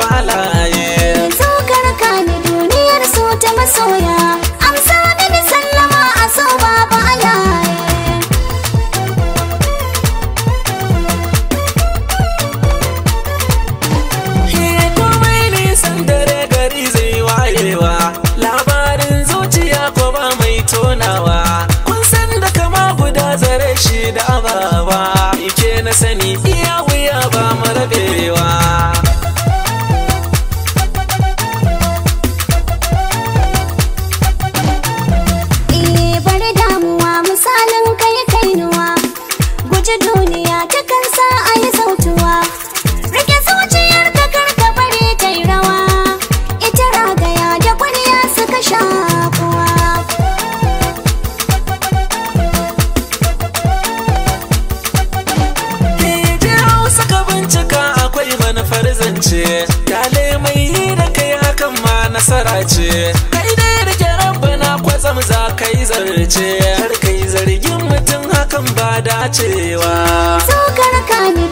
balaye saukar ka ni duniyar so ta masoya amsa mini sallama a so ba balaye Hira komai nisan dare gari zai yi wayewa labarin zuciya ko ba mai tonawa kun san da kama guda zare shi da ababa ike na sani iya wuya ba marabe manufar zance kyale mai yi da kai hakan ma nasara ce kai dai rike rabbana kwatsam za ka yi zarce har kai zargin mutum hakan ba dacewa so ni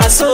Así.